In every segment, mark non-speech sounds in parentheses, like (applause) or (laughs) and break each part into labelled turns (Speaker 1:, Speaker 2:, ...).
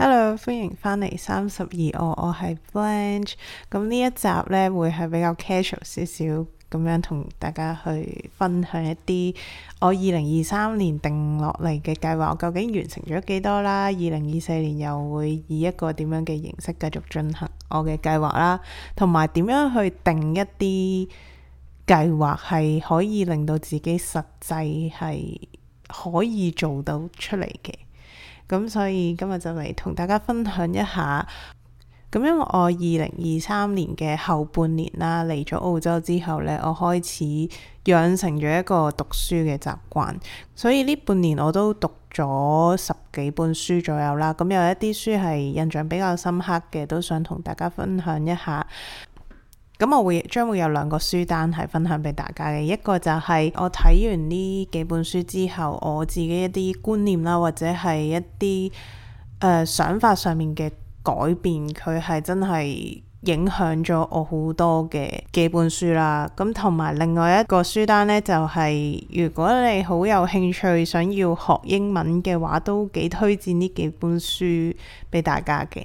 Speaker 1: Hello，歡迎翻嚟三十二我，我係 Blanche，咁呢一集呢，會係比較 casual 少少咁樣同大家去分享一啲我二零二三年定落嚟嘅計劃，我究竟完成咗幾多啦？二零二四年又會以一個點樣嘅形式繼續進行我嘅計劃啦，同埋點樣去定一啲計劃係可以令到自己實際係可以做到出嚟嘅。咁所以今日就嚟同大家分享一下，咁因為我二零二三年嘅後半年啦，嚟咗澳洲之後呢，我開始養成咗一個讀書嘅習慣，所以呢半年我都讀咗十幾本書左右啦，咁有一啲書係印象比較深刻嘅，都想同大家分享一下。咁我會將會有兩個書單係分享俾大家嘅，一個就係我睇完呢幾本書之後，我自己一啲觀念啦，或者係一啲誒、呃、想法上面嘅改變，佢係真係影響咗我好多嘅幾本書啦。咁同埋另外一個書單呢，就係、是、如果你好有興趣想要學英文嘅話，都幾推薦呢幾本書俾大家嘅。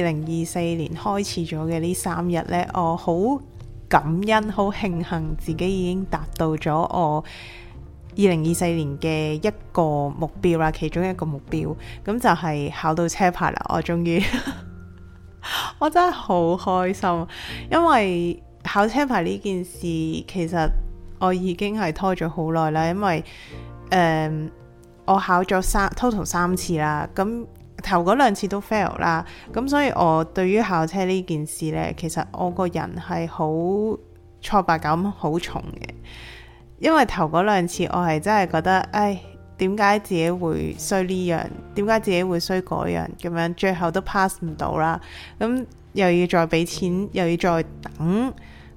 Speaker 1: 二零二四年開始咗嘅呢三日呢，我好感恩、好慶幸自己已經達到咗我二零二四年嘅一個目標啦，其中一個目標咁就係考到車牌啦！我終於，我真係好開心，因為考車牌呢件事其實我已經係拖咗好耐啦，因為誒、嗯、我考咗三 total 三次啦，咁。頭嗰兩次都 fail 啦，咁所以我對於考車呢件事呢，其實我個人係好挫敗感好重嘅，因為頭嗰兩次我係真係覺得，唉，點解自己會衰呢樣？點解自己會衰嗰樣？咁樣最後都 pass 唔到啦，咁又要再俾錢，又要再等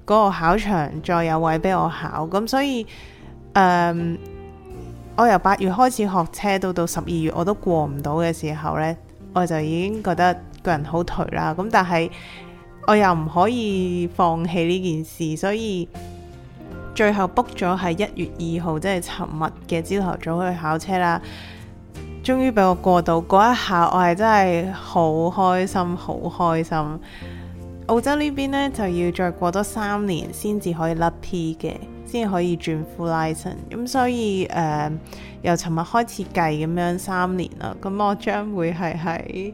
Speaker 1: 嗰個考場再有位俾我考，咁所以，嗯。我由八月開始學車，到到十二月我都過唔到嘅時候呢，我就已經覺得個人好頹啦。咁但係我又唔可以放棄呢件事，所以最後 book 咗係一月二號，即係尋日嘅朝頭早去考車啦。終於俾我過到，嗰一下我係真係好開心，好開心！澳洲呢邊呢，就要再過多三年先至可以甩 P 嘅。先可以轉 full license，咁所以誒、呃、由尋日開始計咁樣三年啦，咁我將會係喺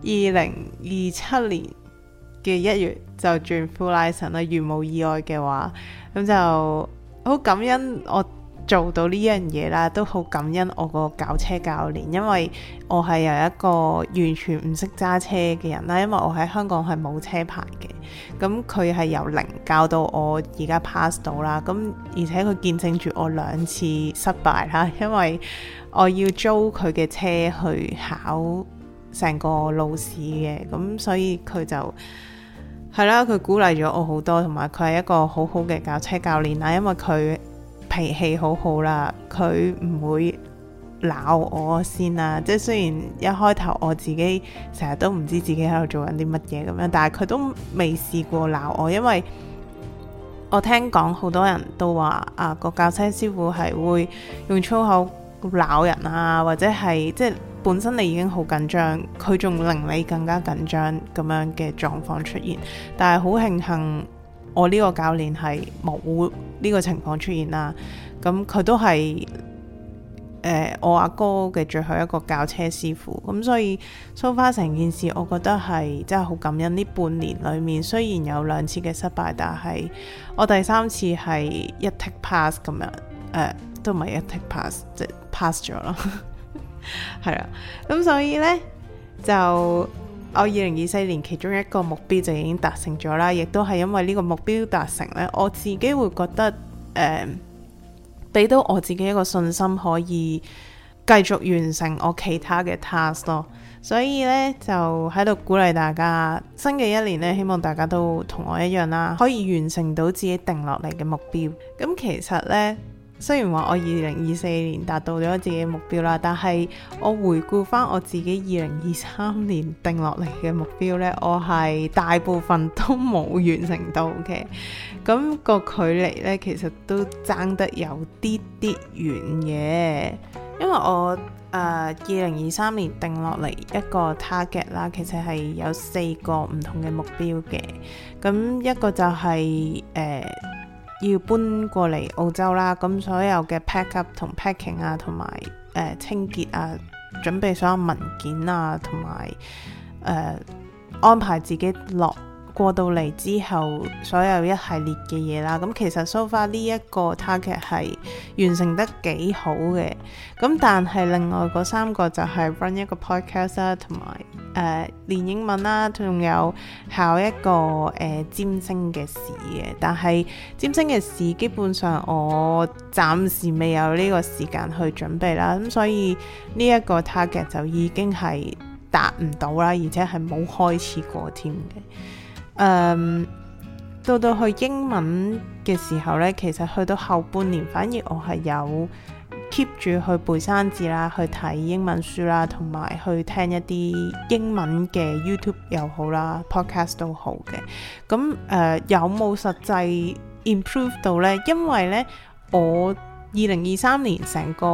Speaker 1: 二零二七年嘅一月就轉 full license 啦，如無意外嘅話，咁就好感恩我做到呢樣嘢啦，都好感恩我個教車教練，因為我係由一個完全唔識揸車嘅人啦，因為我喺香港係冇車牌嘅，咁佢係由零教到我而家 pass 到啦，咁而且佢見證住我兩次失敗啦，因為我要租佢嘅車去考成個路試嘅，咁所以佢就係啦，佢鼓勵咗我好多，同埋佢係一個好好嘅教車教練啦，因為佢。脾氣好好啦，佢唔會鬧我先啦。即係雖然一開頭我自己成日都唔知自己喺度做緊啲乜嘢咁樣，但係佢都未試過鬧我，因為我聽講好多人都話啊、個教車師傅係會用粗口鬧人啊，或者係即係本身你已經好緊張，佢仲令你更加緊張咁樣嘅狀況出現，但係好慶幸。我呢個教練係冇呢個情況出現啦，咁佢都係誒我阿哥嘅最後一個教車師傅，咁所以 So far 成件事，我覺得係真係好感恩呢半年裏面，雖然有兩次嘅失敗，但係我第三次係一 take pass 咁樣，誒、呃、都唔係一 take pass，即係 pass 咗咯，係 (laughs) 啦，咁所以呢就。我二零二四年其中一個目標就已經達成咗啦，亦都係因為呢個目標達成呢，我自己會覺得誒，俾、呃、到我自己一個信心，可以繼續完成我其他嘅 task 咯。所以呢，就喺度鼓勵大家，新嘅一年呢，希望大家都同我一樣啦，可以完成到自己定落嚟嘅目標。咁、嗯、其實呢。雖然話我二零二四年達到咗自己目標啦，但係我回顧返我自己二零二三年定落嚟嘅目標呢，我係大部分都冇完成到嘅。咁、個距離呢，其實都爭得有啲啲遠嘅。因為我誒二零二三年定落嚟一個 target 啦，其實係有四個唔同嘅目標嘅。咁一個就係、是、誒。呃要搬過嚟澳洲啦，咁所有嘅 pack up 同 packing 啊，同埋誒清潔啊，準備所有文件啊，同埋誒安排自己落。過到嚟之後，所有一系列嘅嘢啦，咁其實 so far 呢一個 target 係完成得幾好嘅。咁但係另外嗰三個就係 run 一個 podcast 啦，同埋誒練英文啦，仲有考一個誒占星嘅試嘅。但係占星嘅試基本上我暫時未有呢個時間去準備啦，咁所以呢一個 target 就已經係達唔到啦，而且係冇開始過添嘅。誒、um, 到到去英文嘅時候呢，其實去到後半年，反而我係有 keep 住去背生字啦，去睇英文書啦，同埋去聽一啲英文嘅 YouTube 又好啦，Podcast 都好嘅。咁誒、呃、有冇實際 improve 到呢？因為呢，我二零二三年成個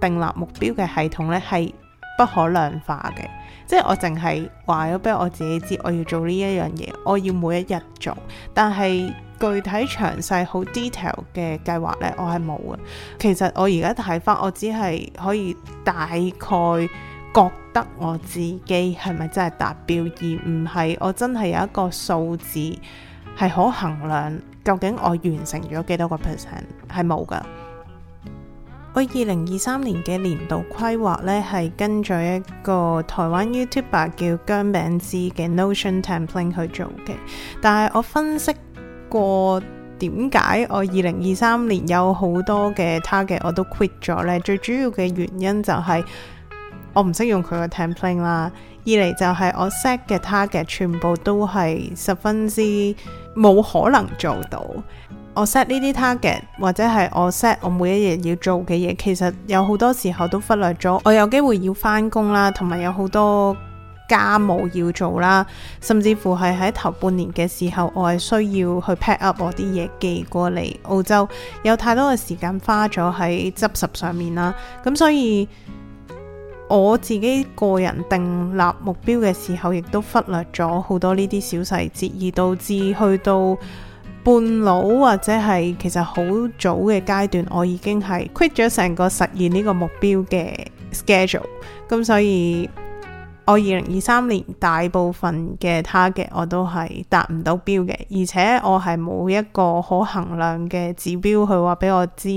Speaker 1: 訂立目標嘅系統呢係，不可量化嘅，即係我淨係話咗俾我自己知，我要做呢一樣嘢，我要每一日做，但係具體詳細好 detail 嘅計劃咧，我係冇嘅。其實我而家睇翻，我只係可以大概覺得我自己係咪真係達標，而唔係我真係有一個數字係可衡量究竟我完成咗幾多個 percent，係冇噶。我二零二三年嘅年度規劃咧，係跟咗一個台灣 YouTuber 叫薑餅芝嘅 Notion Template 去做嘅。但係我分析過點解我二零二三年有好多嘅 target 我都 quit 咗呢。最主要嘅原因就係我唔識用佢個 Template 啦。二嚟，就係我 set 嘅 target 全部都係十分之冇可能做到。我 set 呢啲 target 或者係我 set 我每一日要做嘅嘢，其實有好多時候都忽略咗。我有機會要返工啦，同埋有好多家務要做啦，甚至乎係喺頭半年嘅時候，我係需要去 pack up 我啲嘢寄過嚟澳洲，有太多嘅時間花咗喺執拾上面啦。咁所以我自己個人訂立目標嘅時候，亦都忽略咗好多呢啲小細節，而導致去到。半老或者係其實好早嘅階段，我已經係 quit 咗成個實現呢個目標嘅 schedule，咁所以我二零二三年大部分嘅 target 我都係達唔到標嘅，而且我係冇一個可衡量嘅指標去話俾我知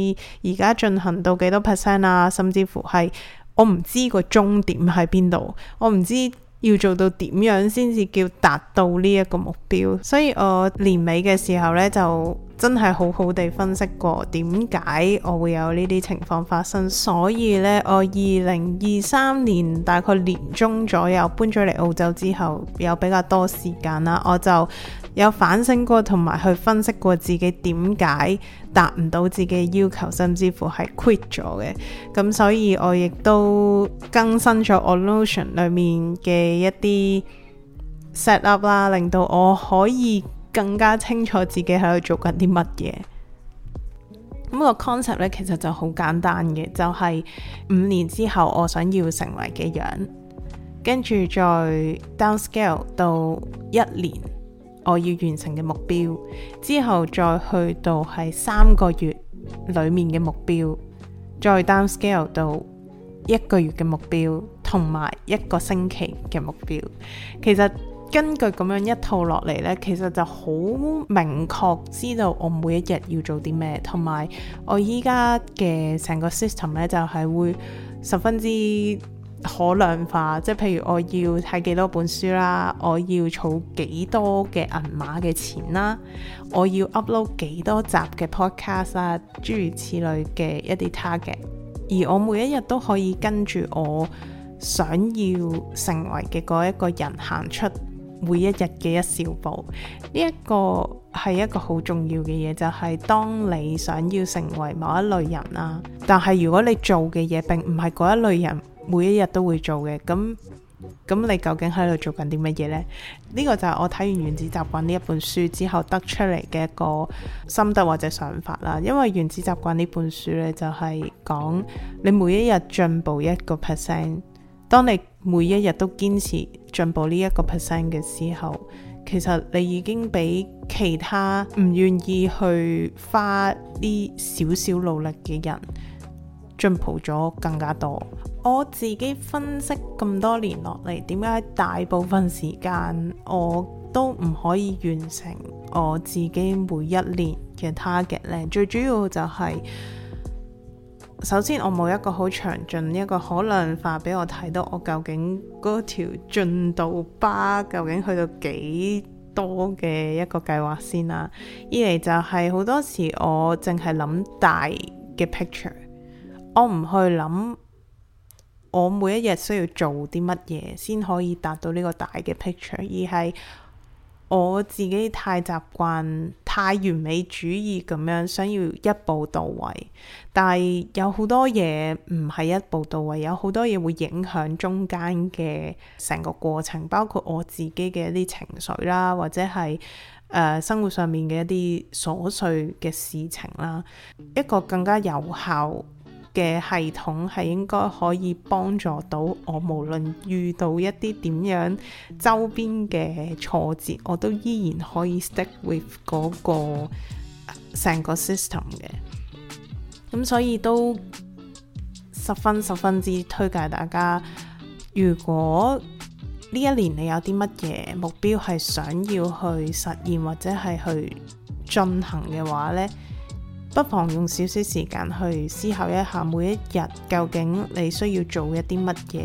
Speaker 1: 而家進行到幾多 percent 啊，甚至乎係我唔知個終點喺邊度，我唔知。要做到點樣先至叫達到呢一個目標，所以我年尾嘅時候呢，就真係好好地分析過點解我會有呢啲情況發生，所以呢，我二零二三年大概年中左右搬咗嚟澳洲之後，有比較多時間啦，我就，有反省過，同埋去分析過自己點解達唔到自己要求，甚至乎係 quit 咗嘅。咁所以我亦都更新咗我 Notion 裡面嘅一啲 set up 啦，令到我可以更加清楚自己喺度做緊啲乜嘢。咁個 concept 咧，其實就好簡單嘅，就係五年之後我想要成為嘅人，跟住再 down scale 到一年。我要完成嘅目標，之後再去到係三個月裏面嘅目標，再 downscale 到一個月嘅目標，同埋一個星期嘅目標。其實根據咁樣一套落嚟呢，其實就好明確知道我每一日要做啲咩，同埋我依家嘅成個 system 呢，就係會十分之，可量化，即係譬如我要睇幾多本書啦，我要儲幾多嘅銀碼嘅錢啦，我要 upload 幾多集嘅 podcast 啦，諸如此類嘅一啲 target。而我每一日都可以跟住我想要成為嘅嗰一個人行出每一日嘅一小步。呢一個係一個好重要嘅嘢，就係、是、當你想要成為某一類人啦，但係如果你做嘅嘢並唔係嗰一類人。每一日都會做嘅，咁咁你究竟喺度做緊啲乜嘢呢？呢個就係我睇完原子習慣呢一本書之後得出嚟嘅一個心得或者想法啦。因為原子習慣呢本書呢，就係講你每一日進步一個 percent，當你每一日都堅持進步呢一個 percent 嘅時候，其實你已經比其他唔願意去花啲少少努力嘅人，進步咗更加多。我自己分析咁多年落嚟，點解大部分時間我都唔可以完成我自己每一年嘅 target 呢？最主要就係、是、首先我冇一個好詳盡，一個可量化俾我睇到我究竟嗰條進度巴，究竟去到幾多嘅一個計劃先啦、啊。二嚟就係、是、好多時我淨係諗大嘅 picture。我唔去諗我每一日需要做啲乜嘢先可以達到呢個大嘅 picture，而係我自己太習慣太完美主義咁樣，想要一步到位。但係有好多嘢唔係一步到位，有好多嘢會影響中間嘅成個過程，包括我自己嘅一啲情緒啦，或者係誒、呃、生活上面嘅一啲瑣碎嘅事情啦，一個更加有效嘅系統係應該可以幫助到我，無論遇到一啲點樣周邊嘅挫折，我都依然可以 stick with 嗰個成個 system 嘅。咁所以都十分十分之推介大家。如果呢一年你有啲乜嘢目標係想要去實現或者係去進行嘅話呢。不妨用少少時間去思考一下，每一日究竟你需要做一啲乜嘢，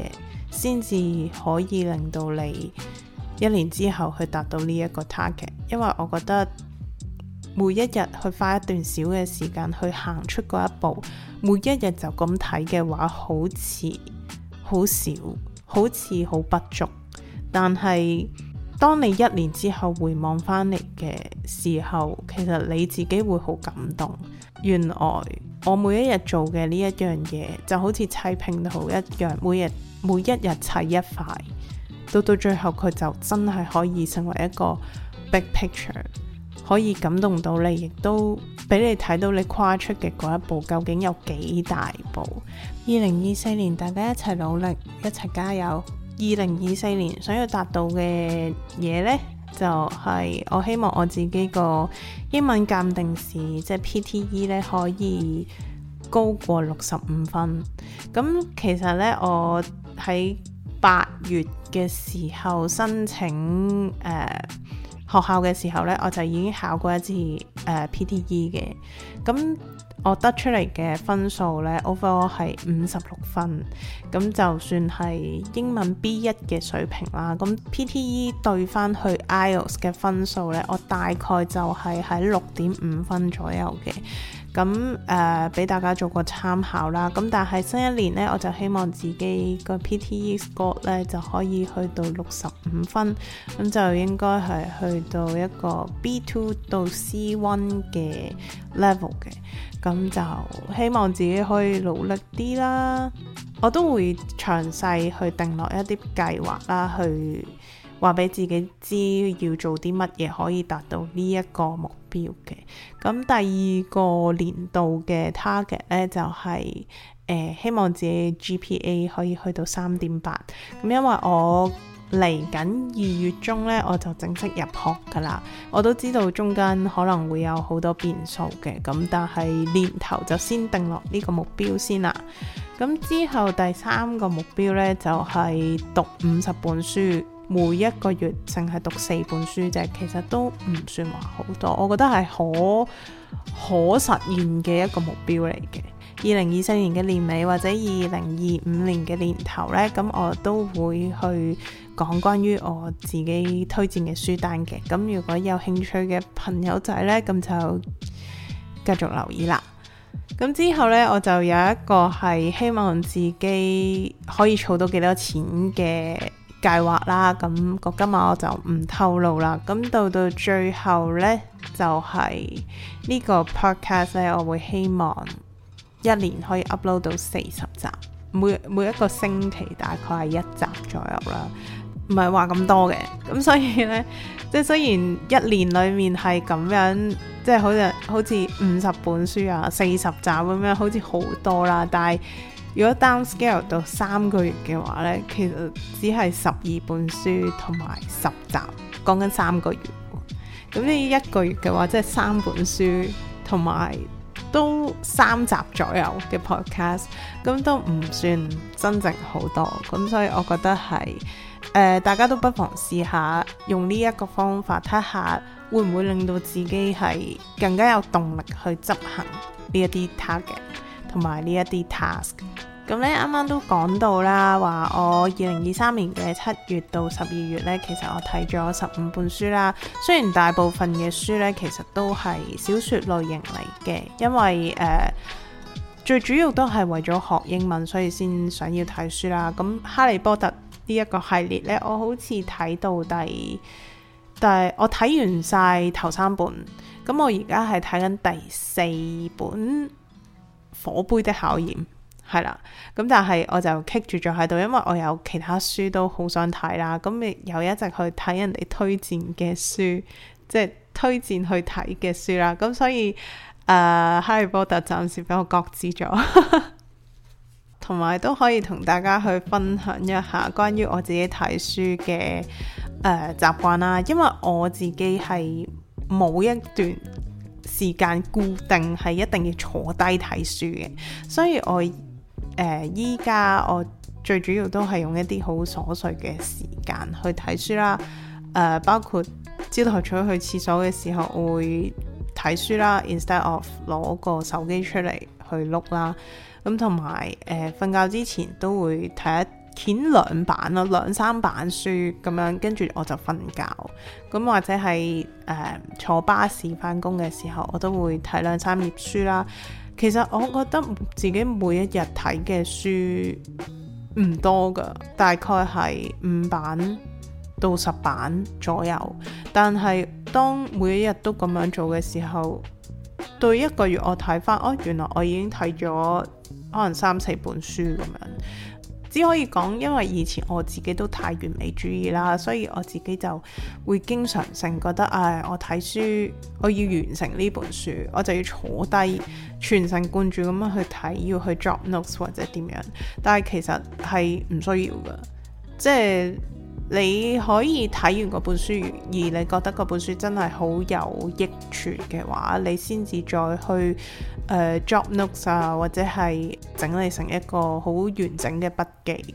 Speaker 1: 先至可以令到你一年之後去達到呢一個 target。因為我覺得每一日去花一段小嘅時間去行出嗰一步，每一日就咁睇嘅話好似好少，好似好不足。但係當你一年之後回望翻嚟嘅時候，其實你自己會好感動。原來我每一日做嘅呢一樣嘢，就好似砌拼圖一樣，每日每一日砌一塊，到到最後佢就真係可以成為一個 big picture，可以感動到你，亦都俾你睇到你跨出嘅嗰一步究竟有幾大步。二零二四年大家一齊努力，一齊加油。二零二四年想要達到嘅嘢呢。就係我希望我自己個英文鑑定試即係 PTE 咧，就是、TE，可以高過六十五分。咁其實咧，我喺八月嘅時候申請誒、呃、學校嘅時候咧，我就已經考過一次誒 PTE 嘅。咁、呃我得出嚟嘅分數呢 overall 係五十六分，咁就算係英文 B 一嘅水平啦。咁 PTE 對翻去 IELTS 嘅分數呢，我大概就係喺六點五分左右嘅。咁誒，俾、呃、大家做個參考啦。咁但係新一年呢，我就希望自己個 PTE score 呢就可以去到六十五分，咁就應該係去到一個 B two 到 C one 嘅 level 嘅。咁就希望自己可以努力啲啦，我都會詳細去定落一啲計劃啦，去話俾自己知要做啲乜嘢可以達到呢一個目標嘅。咁第二個年度嘅 target 咧就係、是、誒、呃、希望自己 GPA 可以去到三點八，咁因為我。嚟緊二月中呢，我就正式入學噶啦。我都知道中間可能會有好多變數嘅，咁但係年頭就先定落呢個目標先啦。咁之後第三個目標呢，就係讀五十本書，每一個月淨係讀四本書啫，其實都唔算話好多，我覺得係可可實現嘅一個目標嚟嘅。二零二四年嘅年尾，或者二零二五年嘅年頭呢，咁我都會去講關於我自己推薦嘅書單嘅。咁如果有興趣嘅朋友仔呢，咁就繼續留意啦。咁之後呢，我就有一個係希望自己可以儲到幾多錢嘅計劃啦。咁個金額我就唔透露啦。咁到到最後呢，就係呢個 podcast 呢，我會希望。一年可以 upload 到四十集，每每一個星期大概係一集左右啦，唔係話咁多嘅。咁所以呢，即係雖然一年裏面係咁樣，即係好似好似五十本書啊，四十集咁樣，好似好多啦。但係如果 downscale 到三個月嘅話呢，其實只係十二本書同埋十集，講緊三個月。咁呢一個月嘅話，即係三本書同埋。都三集左右嘅 podcast，咁都唔算真正好多，咁所以我覺得係，誒、呃，大家都不妨試下用呢一個方法睇下，看看會唔會令到自己係更加有動力去執行呢一啲 target 同埋呢一啲 task。咁咧，啱啱都講到啦，話我二零二三年嘅七月到十二月呢，其實我睇咗十五本書啦。雖然大部分嘅書呢，其實都係小説類型嚟嘅，因為誒、呃、最主要都係為咗學英文，所以先想要睇書啦。咁《哈利波特》呢一個系列呢，我好似睇到第，但係我睇完晒頭三本，咁我而家係睇緊第四本《火杯的考驗》。係啦，咁但係我就 keep 住咗喺度，因為我有其他書都好想睇啦，咁有一直去睇人哋推薦嘅書，即係推薦去睇嘅書啦，咁所以誒《哈利波特》暫 (laughs) 時俾我擱置咗，同埋都可以同大家去分享一下關於我自己睇書嘅誒習慣啦，因為我自己係冇一段時間固定係一定要坐低睇書嘅，所以我。誒依家我最主要都係用一啲好瑣碎嘅時間去睇書啦，誒、呃、包括朝頭早去廁所嘅時候我會睇書啦，instead of 攞個手機出嚟去碌啦，咁同埋誒瞓覺之前都會睇一兩版咯，兩三版書咁樣，跟住我就瞓覺。咁、嗯、或者係誒、呃、坐巴士翻工嘅時候，我都會睇兩三頁書啦。其實我覺得自己每一日睇嘅書唔多㗎，大概係五版到十版左右。但係當每一日都咁樣做嘅時候，到一個月我睇返，哦，原來我已經睇咗可能三四本書咁樣。只可以講，因為以前我自己都太完美主義啦，所以我自己就會經常性覺得唉、哎，我睇書，我要完成呢本書，我就要坐低全神貫注咁樣去睇，要去 drop notes 或者點樣，但係其實係唔需要嘅，即係。你可以睇完嗰本書，而你覺得嗰本書真係好有益處嘅話，你先至再去誒 job notes 啊，或者係整理成一個好完整嘅筆記。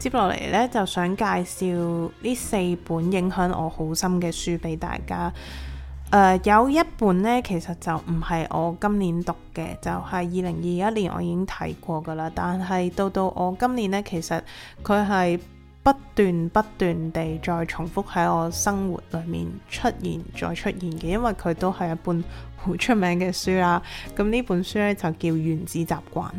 Speaker 1: 接落嚟呢，就想介紹呢四本影響我好深嘅書俾大家。誒、uh, 有一本呢，其實就唔係我今年讀嘅，就係二零二一年我已經睇過㗎喇。但係到到我今年呢，其實佢係不斷不斷地再重複喺我生活裏面出現再出現嘅，因為佢都係一本好出名嘅書啦。咁呢本書呢，就叫《原子習慣》。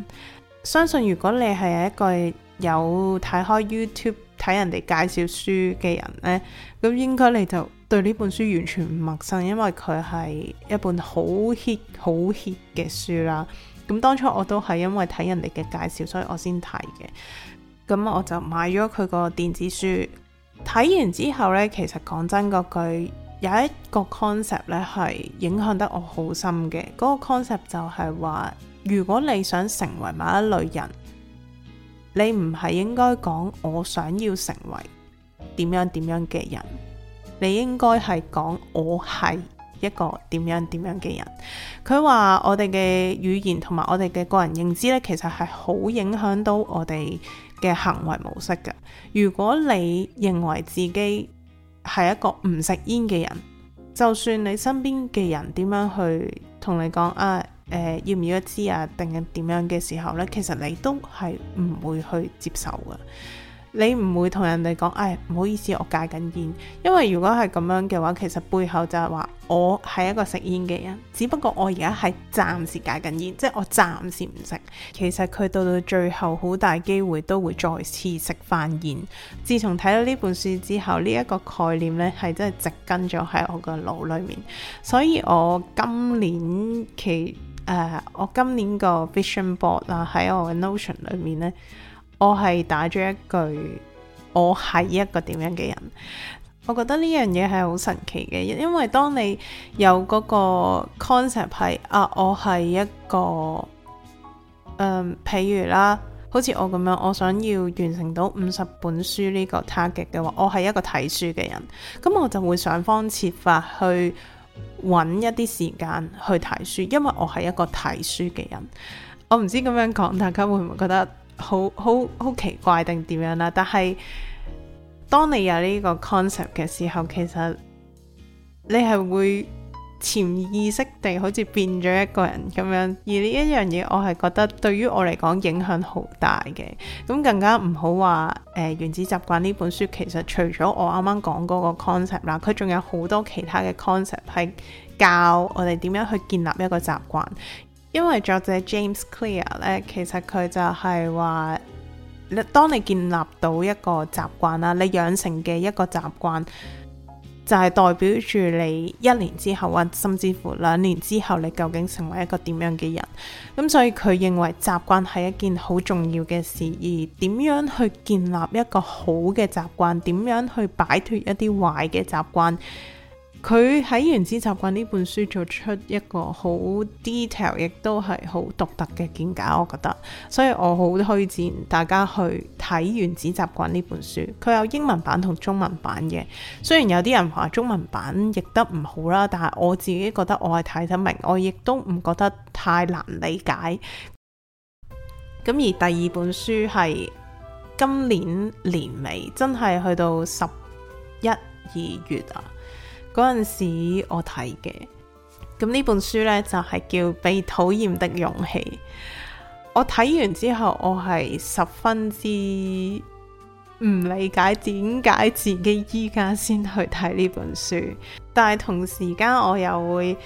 Speaker 1: 相信如果你係一個有睇開 YouTube 睇人哋介紹書嘅人呢，咁應該你就。對呢本書完全唔陌生，因為佢係一本好 hit 好 hit 嘅書啦。咁當初我都係因為睇人哋嘅介紹，所以我先睇嘅。咁我就買咗佢個電子書，睇完之後呢，其實講真嗰句，有一個 concept 呢係影響得我好深嘅。嗰個 concept 就係話，如果你想成為某一類人，你唔係應該講，我想要成為點樣點樣嘅人。你應該係講，我係一個點樣點樣嘅人。佢話我哋嘅語言同埋我哋嘅個人認知呢，其實係好影響到我哋嘅行為模式㗎。如果你認為自己係一個唔食煙嘅人，就算你身邊嘅人點樣去同你講啊，誒、呃、要唔要一支啊，定係點樣嘅時候呢，其實你都係唔會去接受㗎。你唔會同人哋講，唉、哎，唔好意思，我戒緊煙，因為如果係咁樣嘅話，其實背後就係話我係一個食煙嘅人，只不過我而家係暫時戒緊煙，即係我暫時唔食。其實佢到到最後，好大機會都會再次食返煙。自從睇到呢本書之後，呢、這、一個概念呢係真係植根咗喺我個腦裡面，所以我今年其誒、呃、我今年個 vision board 啊喺我 notion 裡面呢。我係打咗一句，我係一個點樣嘅人？我覺得呢樣嘢係好神奇嘅，因為當你有嗰個 concept 係啊，我係一個、呃，譬如啦，好似我咁樣，我想要完成到五十本書呢個 target 嘅話，我係一個睇書嘅人，咁、嗯、我就會想方設法去揾一啲時間去睇書，因為我係一個睇書嘅人。我唔知咁樣講，大家會唔會覺得？好好好奇怪，定點樣啦？但係當你有呢個 concept 嘅時候，其實你係會潛意識地好似變咗一個人咁樣。而呢一樣嘢，我係覺得對於我嚟講影響好大嘅。咁更加唔好話誒，原子習慣呢本書，其實除咗我啱啱講嗰個 concept 啦，佢仲有好多其他嘅 concept 係教我哋點樣去建立一個習慣。因為作者 James Clear 咧，其實佢就係話，當你建立到一個習慣啦，你養成嘅一個習慣，就係代表住你一年之後啊，甚至乎兩年之後，你究竟成為一個點樣嘅人？咁所以佢認為習慣係一件好重要嘅事，而點樣去建立一個好嘅習慣，點樣去擺脫一啲壞嘅習慣。佢喺《原子習慣》呢本書做出一個好 detail，亦都係好獨特嘅見解，我覺得，所以我好推薦大家去睇《原子習慣》呢本書。佢有英文版同中文版嘅，雖然有啲人話中文版譯得唔好啦，但係我自己覺得我係睇得明，我亦都唔覺得太難理解。咁而第二本書係今年年尾，真係去到十一二月啊！嗰陣時我睇嘅，咁呢本書呢就係叫《被討厭的勇氣》。我睇完之後，我係十分之唔理解點解自己依家先去睇呢本書，但係同時間我又會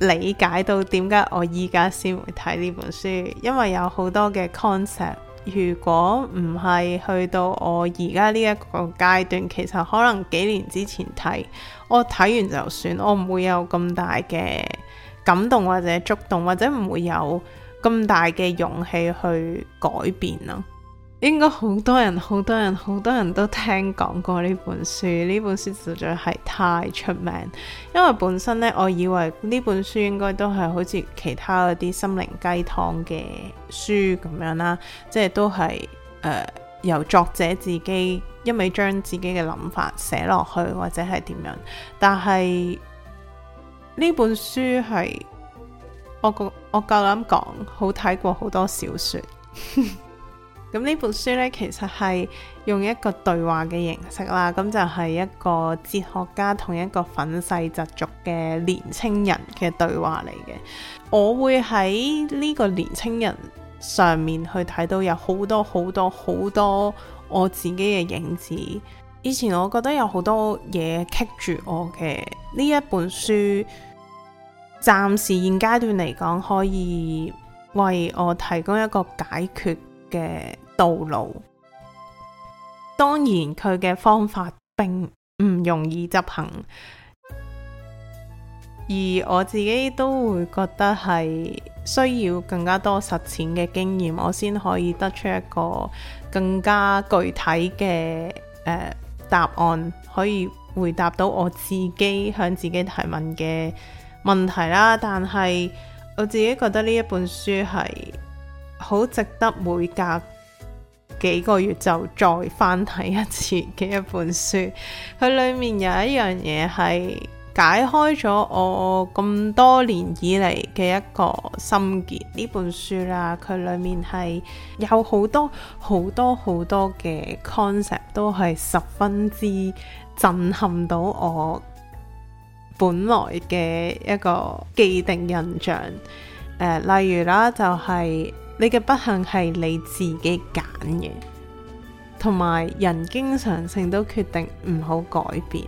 Speaker 1: 理解到點解我依家先會睇呢本書，因為有好多嘅 concept。如果唔係去到我而家呢一個階段，其實可能幾年之前睇，我睇完就算，我唔會有咁大嘅感動或者觸動，或者唔會有咁大嘅勇氣去改變啦。應該好多人、好多人、好多人都聽講過呢本書。呢本書實在係太出名，因為本身呢，我以為呢本書應該都係好似其他嗰啲心靈雞湯嘅書咁樣啦，即係都係誒、呃、由作者自己一味將自己嘅諗法寫落去，或者係點樣。但係呢本書係我覺我夠膽講，好睇過好多小說。 (laughs) 咁呢本書呢，其實係用一個對話嘅形式啦，咁就係一個哲學家同一個憤世嫉俗嘅年青人嘅對話嚟嘅。我會喺呢個年青人上面去睇到有好多好多好多我自己嘅影子。以前我覺得有好多嘢棘住我嘅，呢一本書暫時現階段嚟講，可以為我提供一個解決嘅。道路，當然佢嘅方法並唔容易執行，而我自己都會覺得係需要更加多實踐嘅經驗，我先可以得出一個更加具體嘅、呃、答案，可以回答到我自己向自己提問嘅問題啦。但係我自己覺得呢一本書係好值得每格。幾個月就再翻睇一次嘅一本書，佢裡面有一樣嘢係解開咗我咁多年以嚟嘅一個心結。呢本書啦，佢裡面係有好多好多好多嘅 concept，都係十分之震撼到我本來嘅一個既定印象。呃，例如啦，就係、是。你嘅不幸係你自己揀嘅，同埋人經常性都決定唔好改變，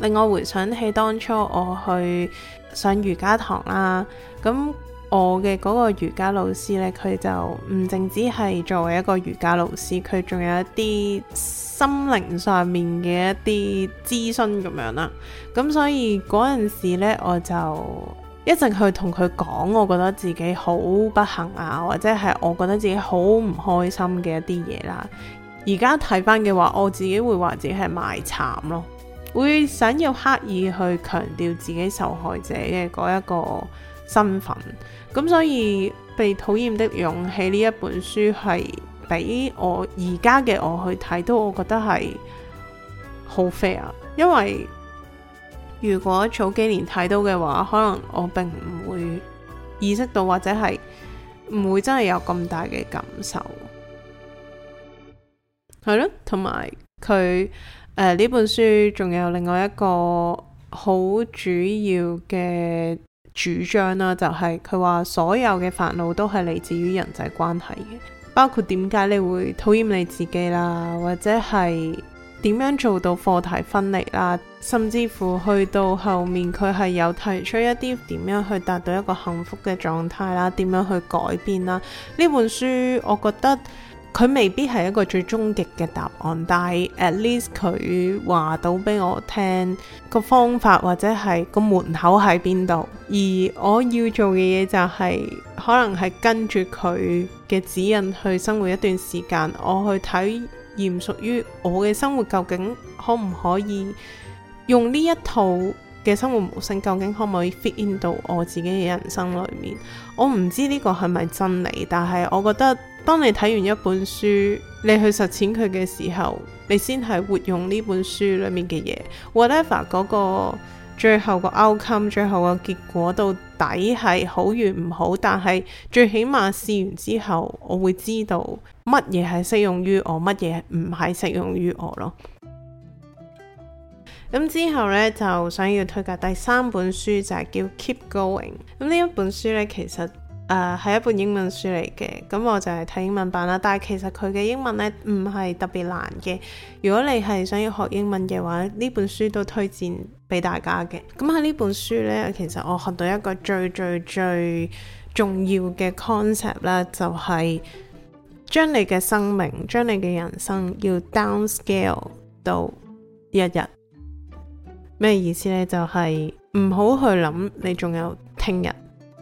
Speaker 1: 令我回想起當初我去上瑜伽堂啦。咁我嘅嗰個瑜伽老師呢，佢就唔淨止係作為一個瑜伽老師，佢仲有一啲心靈上面嘅一啲諮詢咁樣啦。咁所以嗰陣時呢，我就。一直去同佢講，我覺得自己好不幸啊，或者係我覺得自己好唔開心嘅一啲嘢啦。而家睇返嘅話，我自己會話自己係賣慘咯，會想要刻意去強調自己受害者嘅嗰一個身份。咁所以《被討厭的勇氣》呢一本書係俾我而家嘅我去睇，都我覺得係好 fair 啊，因為，如果早幾年睇到嘅話，可能我並唔會意識到，或者係唔會真係有咁大嘅感受。係咯，同埋佢，誒呢本書仲有另外一個好主要嘅主張啦，就係佢話所有嘅煩惱都係嚟自於人際關係嘅，包括點解你會討厭你自己啦，或者係點樣做到課題分離啦。甚至乎去到後面，佢係有提出一啲點樣去達到一個幸福嘅狀態啦，點樣去改變啦。呢本書我覺得佢未必係一個最終極嘅答案，但係 at least 佢話到俾我聽個方法或者係個門口喺邊度。而我要做嘅嘢就係、是、可能係跟住佢嘅指引去生活一段時間，我去體驗屬於我嘅生活，究竟可唔可以？用呢一套嘅生活模式，究竟可唔可以 fit in 到我自己嘅人生裏面？我唔知呢個係咪真理，但係我覺得當你睇完一本書，你去實踐佢嘅時候，你先係活用呢本書裏面嘅嘢。Whatever 嗰個最後個 outcome，最後個結果到底係好與唔好，但係最起碼試完之後，我會知道乜嘢係適用於我，乜嘢唔係適用於我咯。咁之後呢，就想要推介第三本書，就係叫《Keep Going》。咁呢一本書呢，其實誒係一本英文書嚟嘅，咁我就係睇英文版啦。但係其實佢嘅英文呢，唔係特別難嘅。如果你係想要學英文嘅話，呢本書都推薦俾大家嘅。咁喺呢本書呢，其實我學到一個最最最重要嘅 concept 啦，就係將你嘅生命、將你嘅人生要 downscale 到日日。咩意思呢？就係唔好去諗你仲有聽日，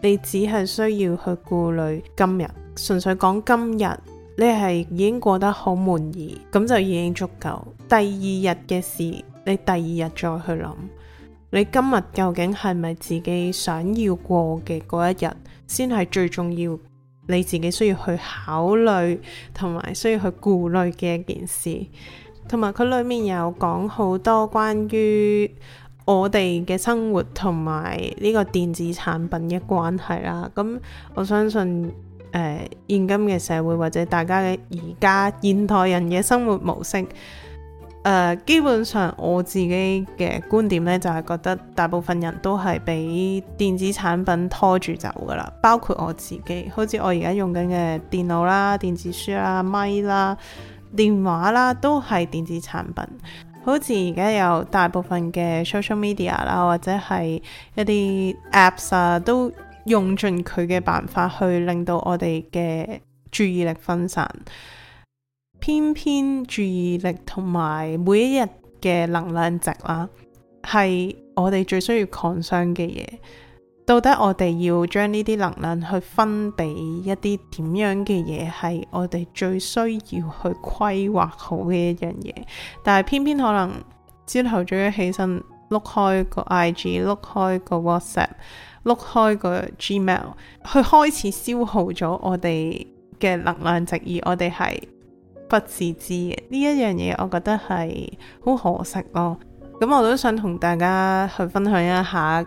Speaker 1: 你只係需要去顧慮今日。純粹講今日，你係已經過得好滿意，咁就已經足夠。第二日嘅事，你第二日再去諗。你今日究竟係咪自己想要過嘅嗰一日，先係最重要。你自己需要去考慮同埋需要去顧慮嘅一件事。同埋佢裏面有講好多關於我哋嘅生活同埋呢個電子產品嘅關係啦。咁我相信誒、呃，現今嘅社會或者大家嘅而家現代人嘅生活模式，誒、呃、基本上我自己嘅觀點呢，就係覺得大部分人都係俾電子產品拖住走噶啦。包括我自己，好似我而家用緊嘅電腦啦、電子書啦、咪啦。電話啦，都係電子產品，好似而家有大部分嘅 social media 啦，或者係一啲 apps 啊，都用盡佢嘅辦法去令到我哋嘅注意力分散。偏偏注意力同埋每一日嘅能量值啦，係我哋最需要抗傷嘅嘢。到底我哋要將呢啲能量去分俾一啲點樣嘅嘢，係我哋最需要去規劃好嘅一樣嘢。但係偏偏可能朝頭早一起身，碌開個 IG，碌開個 WhatsApp，碌開個 Gmail，去開始消耗咗我哋嘅能量值，而我哋係不自知嘅。呢一樣嘢，我覺得係好可惜咯。咁我都想同大家去分享一下。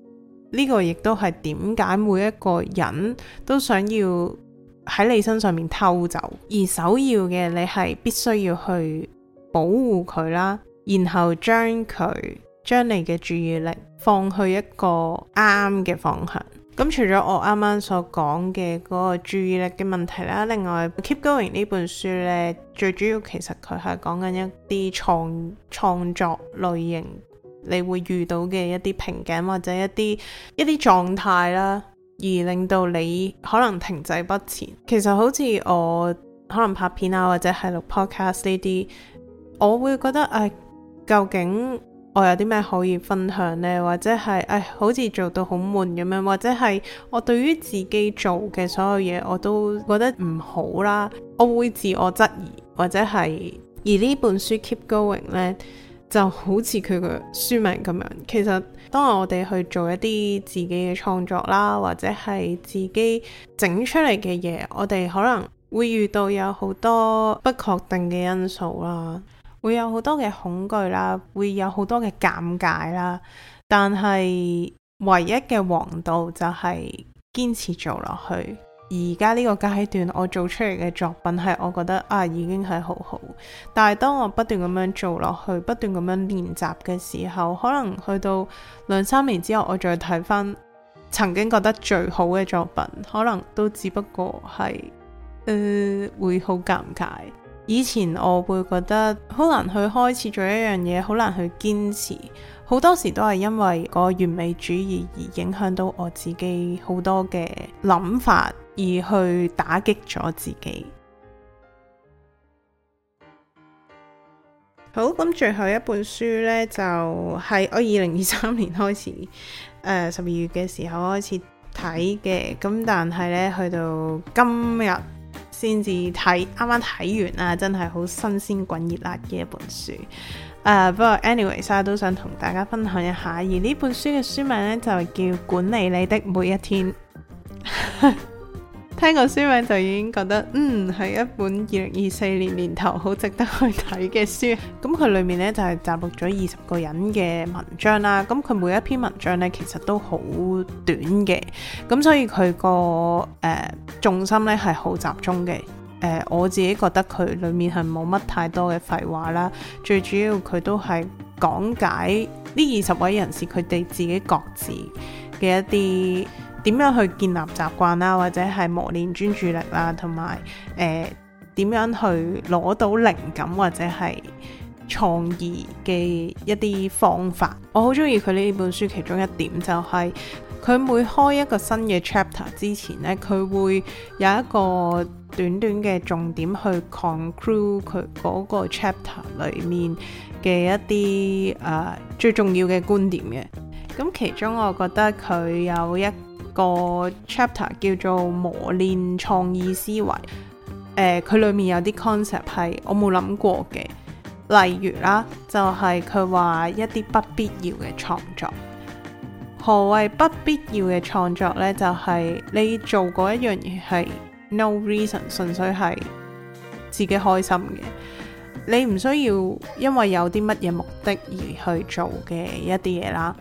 Speaker 1: 呢個亦都係點解每一個人都想要喺你身上面偷走，而首要嘅你係必須要去保護佢啦，然後將佢將你嘅注意力放去一個啱嘅方向。咁、嗯、除咗我啱啱所講嘅嗰個注意力嘅問題啦，另外《Keep Going》呢本書呢，最主要其實佢係講緊一啲創創作類型。你會遇到嘅一啲瓶頸或者一啲一啲狀態啦，而令到你可能停滯不前。其實好似我可能拍片啊，或者係錄 podcast 呢啲，我會覺得誒、哎，究竟我有啲咩可以分享呢？或者係誒、哎，好似做到好悶咁樣，或者係我對於自己做嘅所有嘢，我都覺得唔好啦，我會自我質疑或者係。而呢本書 keep going 呢，就好似佢嘅書名咁樣，其實當我哋去做一啲自己嘅創作啦，或者係自己整出嚟嘅嘢，我哋可能會遇到有好多不確定嘅因素啦，會有好多嘅恐懼啦，會有好多嘅尷尬啦，但係唯一嘅王道就係堅持做落去。而家呢個階段，我做出嚟嘅作品係我覺得啊，已經係好好。但係當我不斷咁樣做落去，不斷咁樣練習嘅時候，可能去到兩三年之後，我再睇返曾經覺得最好嘅作品，可能都只不過係誒、呃、會好尷尬。以前我會覺得好難去開始做一樣嘢，好難去堅持。好多時都係因為個完美主義而影響到我自己好多嘅諗法，而去打擊咗自己。好，咁最後一本書呢，就係我二零二三年開始，誒十二月嘅時候開始睇嘅，咁但係呢，去到今日先至睇，啱啱睇完啊，真係好新鮮滾熱辣嘅一本書。誒，不、uh, 過 anyways，我都想同大家分享一下，而呢本書嘅書名呢，就叫《管理你的每一天》。聽個書名就已經覺得，嗯，係一本二零二四年年頭好值得去睇嘅書。咁 (laughs) 佢 (laughs) 裡面呢，就係、是、集錄咗二十個人嘅文章啦。咁佢每一篇文章呢，其實都好短嘅，咁所以佢個誒重心呢，係好集中嘅。誒、呃、我自己覺得佢裡面係冇乜太多嘅廢話啦，最主要佢都係講解呢二十位人士佢哋自己各自嘅一啲點樣去建立習慣啦，或者係磨練專注力啦，同埋誒點樣去攞到靈感或者係創意嘅一啲方法。我好中意佢呢本書其中一點就係、是、佢每開一個新嘅 chapter 之前呢，佢會有一個短短嘅重點去 conclude 佢嗰個 chapter 裏面嘅一啲誒、呃、最重要嘅觀點嘅。咁其中我覺得佢有一個 chapter 叫做磨練創意思維。誒，佢、呃、裏面有啲 concept 係我冇諗過嘅，例如啦，就係佢話一啲不必要嘅創作。何謂不必要嘅創作呢？就係、是、你做過一樣嘢係。No reason，純粹係自己開心嘅，你唔需要因為有啲乜嘢目的而去做嘅一啲嘢啦。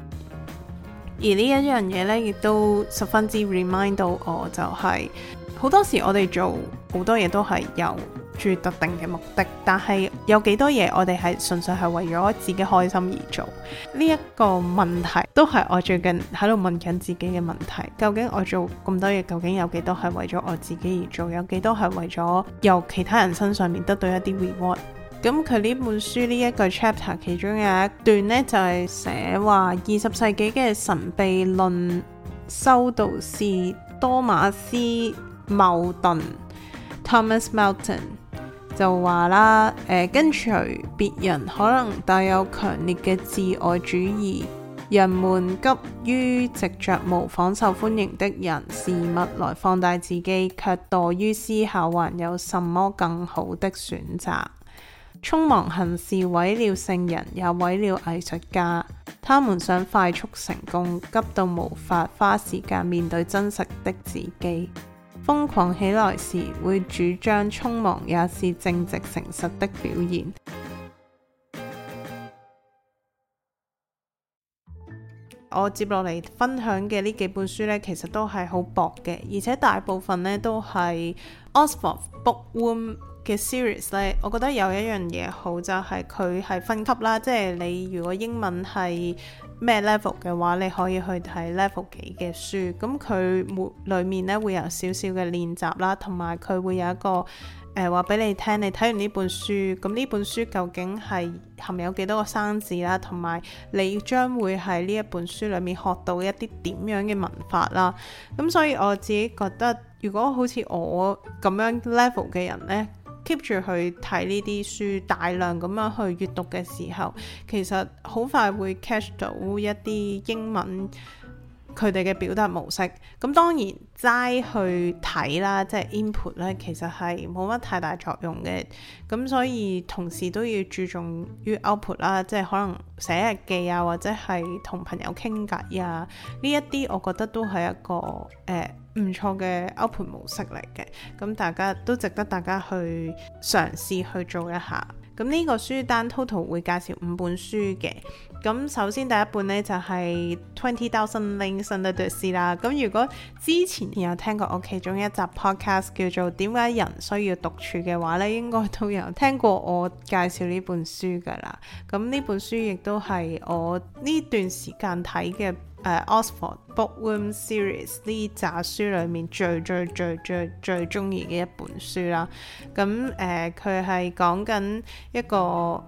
Speaker 1: 而呢一樣嘢呢，亦都十分之 remind 到我、就係，就係好多時我哋做好多嘢都係有住特定嘅目的，但係有幾多嘢我哋係純粹係為咗自己開心而做？呢一個問題都係我最近喺度問緊自己嘅問題：究竟我做咁多嘢，究竟有幾多係為咗我自己而做？有幾多係為咗由其他人身上面得到一啲 reward？咁佢呢本書呢一個 chapter 其中有一段咧，就係寫話二十世紀嘅神秘論修道士多馬斯矛盾。Thomas Merton 就話啦：誒、欸，跟隨別人可能帶有強烈嘅自我主義，人們急於藉著模仿受歡迎的人事物來放大自己，卻怠於思考還有什麼更好的選擇。匆忙行事毀了聖人，也毀了藝術家。他們想快速成功，急到無法花時間面對真實的自己。瘋狂起來時會主張匆忙，也是正直誠實的表現。我接落嚟分享嘅呢幾本書呢，其實都係好薄嘅，而且大部分呢都係 Oxford Bookworm。嘅 series 咧，我覺得有一樣嘢好就係佢係分級啦，即係你如果英文係咩 level 嘅話，你可以去睇 level 幾嘅書。咁佢裡面咧會有少少嘅練習啦，同埋佢會有一個誒話俾你聽。你睇完呢本書，咁呢本書究竟係含有幾多個生字啦，同埋你將會喺呢一本書裡面學到一啲點樣嘅文法啦。咁所以我自己覺得，如果好似我咁樣 level 嘅人呢。keep 住去睇呢啲書，大量咁樣去閱讀嘅時候，其實好快會 catch 到一啲英文。佢哋嘅表達模式咁，當然齋去睇啦，即係 input 咧，其實係冇乜太大作用嘅。咁所以同時都要注重於 output 啦，即係可能寫日記啊，或者係同朋友傾偈啊呢一啲，我覺得都係一個誒唔錯嘅 output 模式嚟嘅。咁大家都值得大家去嘗試去做一下。咁呢個書單 total 會介紹五本書嘅，咁首先第一本呢，就係 Twenty Thousand Leagues Under the Sea 啦，咁如果之前有聽過我其中一集 podcast 叫做點解人需要獨處嘅話呢，應該都有聽過我介紹呢本書噶啦，咁呢本書亦都係我呢段時間睇嘅。誒、uh, Oxford Bookworm Series 呢紮書裡面最最最最最中意嘅一本書啦，咁誒佢係講緊一個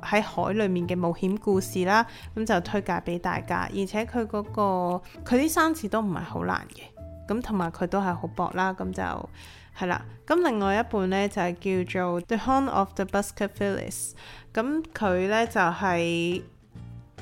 Speaker 1: 喺海裡面嘅冒險故事啦，咁就推介俾大家，而且佢嗰、那個佢啲生詞都唔係好難嘅，咁同埋佢都係好薄啦，咁就係啦。咁另外一本呢，就係叫做 The Horn of the Baskervilles，咁佢呢，就係、是。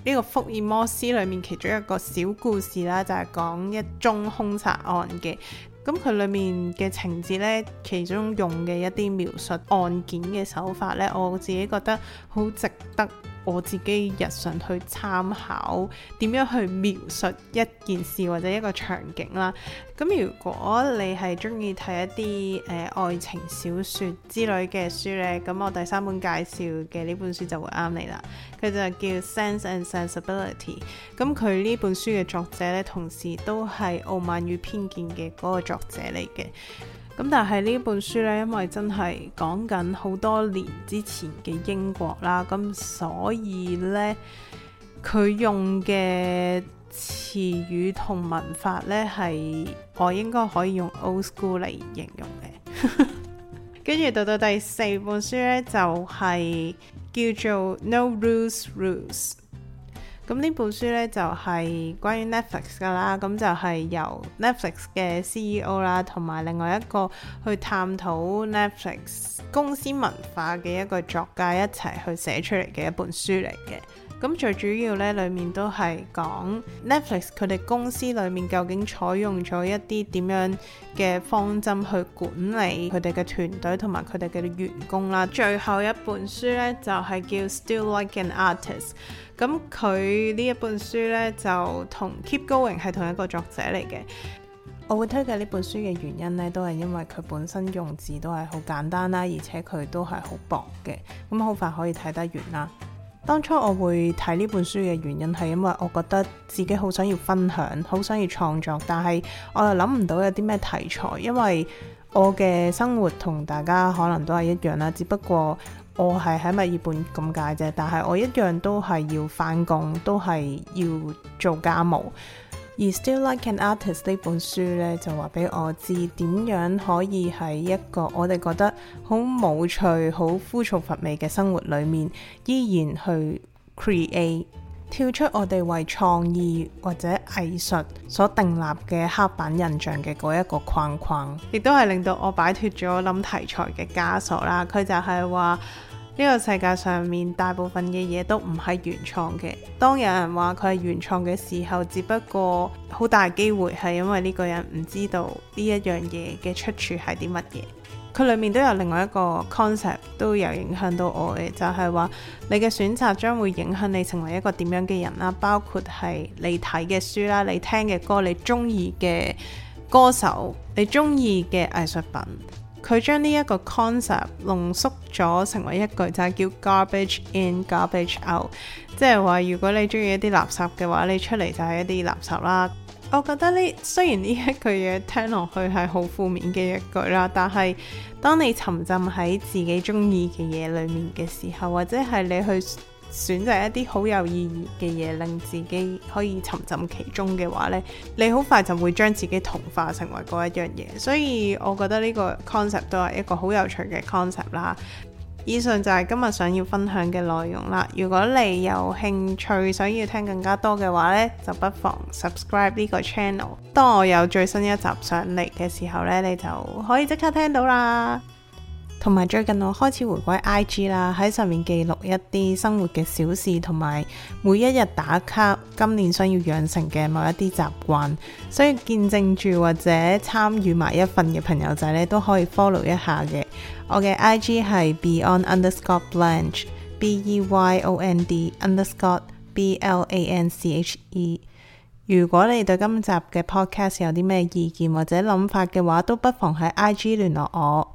Speaker 1: 呢個福爾摩斯裏面其中一個小故事啦，就係講一宗兇殺案嘅。咁佢裏面嘅情節呢，其中用嘅一啲描述案件嘅手法呢，我自己覺得好值得，我自己日常去參考點樣去描述一件事或者一個場景啦。咁如果你係中意睇一啲誒愛情小說之類嘅書呢，咁我第三本介紹嘅呢本書就會啱你啦。佢就叫《Sense and Sensibility》。咁佢呢本書嘅作者呢，同時都係《傲慢與偏見》嘅嗰個作者嚟嘅。咁但係呢本書呢，因為真係講緊好多年之前嘅英國啦，咁所以呢，佢用嘅詞語同文法呢，係我應該可以用 old school 嚟形容嘅。跟住到到第四本書呢，就係叫做 No Rules Rules。咁呢本書呢，就係關於 Netflix 噶啦，咁就係由 Netflix 嘅 CEO 啦，同埋另外一個去探討 Netflix 公司文化嘅一個作家一齊去寫出嚟嘅一本書嚟嘅。咁最主要咧，裏面都係講 Netflix 佢哋公司裏面究竟採用咗一啲點樣嘅方針去管理佢哋嘅團隊同埋佢哋嘅員工啦。最後一本書呢，就係叫 Steal Like an Artist，咁佢呢一本書呢，就同 Keep Going 係同一個作者嚟嘅。我會推介呢本書嘅原因呢，都係因為佢本身用字都係好簡單啦，而且佢都係好薄嘅，咁好快可以睇得完啦。當初我會睇呢本書嘅原因係因為我覺得自己好想要分享，好想要創作，但係我又諗唔到有啲咩題材，因為我嘅生活同大家可能都係一樣啦，只不過我係喺墨爾本咁解啫，但係我一樣都係要翻工，都係要做家務。而《Still Like An Artist》呢本書呢，就話俾我知點樣可以喺一個我哋覺得好無趣、好枯燥乏味嘅生活裡面，依然去 create，跳出我哋為創意或者藝術所定立嘅刻板印象嘅嗰一個框框，亦都係令到我擺脱咗諗題材嘅枷鎖啦。佢就係話。呢個世界上面大部分嘅嘢都唔係原創嘅。當有人話佢係原創嘅時候，只不過好大機會係因為呢個人唔知道呢一樣嘢嘅出處係啲乜嘢。佢裡面都有另外一個 concept 都有影響到我嘅，就係話你嘅選擇將會影響你成為一個點樣嘅人啦，包括係你睇嘅書啦、你聽嘅歌、你中意嘅歌手、你中意嘅藝術品。佢將呢一個 concept 濃縮咗成為一句就係叫 garbage in, garbage out，即係話如果你中意一啲垃圾嘅話，你出嚟就係一啲垃圾啦。我覺得呢雖然呢一句嘢聽落去係好負面嘅一句啦，但係當你沉浸喺自己中意嘅嘢裡面嘅時候，或者係你去選擇一啲好有意義嘅嘢，令自己可以沉浸其中嘅話呢，你好快就會將自己同化成為嗰一樣嘢。所以我覺得呢個 concept 都係一個好有趣嘅 concept 啦。以上就係今日想要分享嘅內容啦。如果你有興趣，想要聽更加多嘅話呢，就不妨 subscribe 呢個 channel。當我有最新一集上嚟嘅時候呢，你就可以即刻聽到啦。同埋最近我開始回歸 IG 啦，喺上面記錄一啲生活嘅小事，同埋每一日打卡。今年想要養成嘅某一啲習慣，所以見證住或者參與埋一份嘅朋友仔咧都可以 follow 一下嘅。我嘅 IG 係 Beyond Underscore Blanche B E Y O N D Underscore B L A N C H E。如果你對今集嘅 Podcast 有啲咩意見或者諗法嘅話，都不妨喺 IG 聯絡我。